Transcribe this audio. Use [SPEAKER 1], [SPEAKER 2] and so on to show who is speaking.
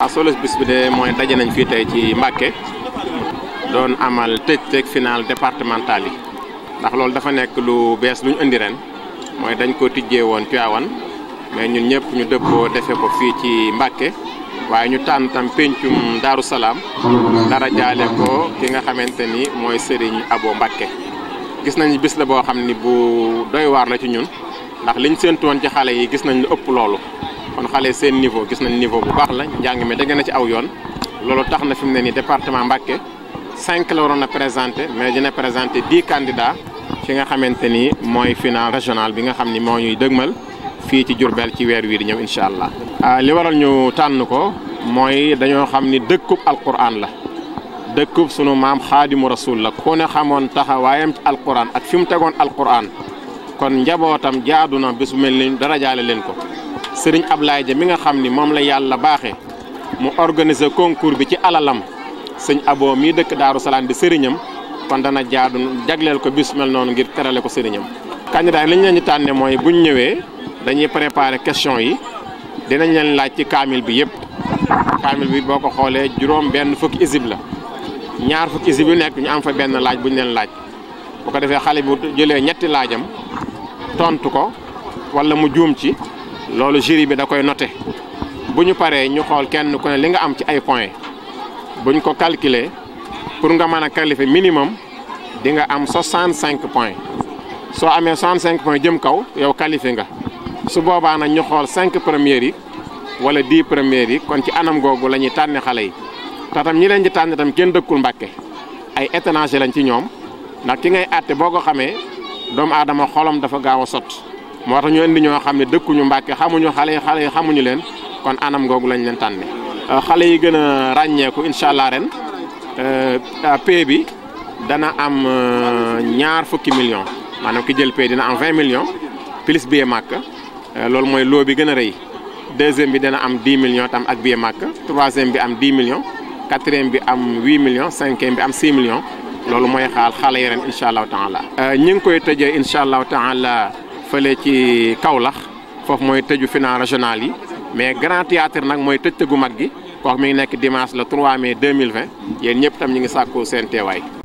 [SPEAKER 1] waaw solos bis bi de mooy daje nañ fii tey ci Mbàkke doon amal tej teg final départemental yi ndax loolu dafa nekk lu bees lu ñu indi ren mooy dañ ko tijjee woon Tiwaawan mais ñun ñëpp ñu dëppoo defee ko fii ci Mbàkke waaye ñu tànn tam péncum Daaru Salaam dara jaale ko ki nga xamante ni mooy sëriñ Abo Mbàkke gis nañu bis la boo xam ni bu doy waar la ci ñun ndax liñ séentu woon ci xale yi gis nañ lu ëpp loolu kon xale seen niveau gis nañ niveau bu baax la njàng mi dégg na ci aw yoon loolu tax na fi mu ne ni département Mbacké cinq la waroon a présenté mais dina présenté di kandidaa fi nga xamante ni mooy final régional bi nga xam ni moo ñuy dëgmal fii ci Diourbel ci weer wii di ñëw incha allah. Ah, li waral ñu tànn ko mooy dañoo xam ni dëkkub alquran la dëkkub sunu maam xaadimu rasul la ku ne xamoon taxawaayam ci alquran ak fi mu tegoon alquran kon njabootam jaadu na bés bu mel leen ko. sëriñ Ablaye Dia mi nga xam ni moom la yàlla baaxee mu organiser concours bi ci alalam sëñ Abo mii dëkk Daaru Salaam di sëriñam kon dana jaadu jagleel ko bis mel noonu ngir terale ko sëriñam. candidat yi li ñu leen di tànnee mooy bu ñu ñëwee dañuy préparer question yi dinañ leen laaj ci kaamil bi yëpp kaamil bi boo ko xoolee juróom benn fukki isib la ñaar fukki isib yu nekk ñu am fa benn laaj bu ñu leen laaj bu ko defee xale bu jëlee ñetti laajam tontu ci. loolu jury bi da koy noté bu ñu paree ñu xool kenn ku ne li nga am ci ay points buñ ko calculer pour nga mën a qualifier minimum di nga am 65 points soo amee 65 points jëm kaw yow qualifié nga su boobaa nag ñu xool 5 premières yi wala 10 premières yi kon ci anam googu la ñuy tànni xale yi tatam tam ñi leen di tànn tam kenn dëkkul Mbàkke ay étranger lañ ci ñoom ndax ki ngay àtte boo ko xamee doomu aadama xolam dafa gaaw a sot moo tax ñu indi ñoo xam ne dëkkuñu Mbàkke xamuñu xale yi xale yi xamuñu leen kon anam googu lañ leen tànne euh, xale yi gën ràññeeku incha allah ren euh, pay bi dana am euh, ñaar fukki million maanaam ki jël pay dina am 20 millions plus e màkk loolu mooy loo bi gën a rëy deuxième bi dana am 10 millions tam ak billet màkk troisième bi am 10 millions quatrième bi am 8 millions cinquième bi am 6 millions loolu mooy xaal xale yi ren incha allahu taala ñu ngi koy tëjee incha allahu taala fële ci Kaolack foofu mooy tëju finale régional yi mais grand théâtre nag mooy tëj tëgu mag gi kooku mi ngi nekk dimanche le 3 mai 2020 yéen ñëpp tam ñu ngi sàkku seen teewaay.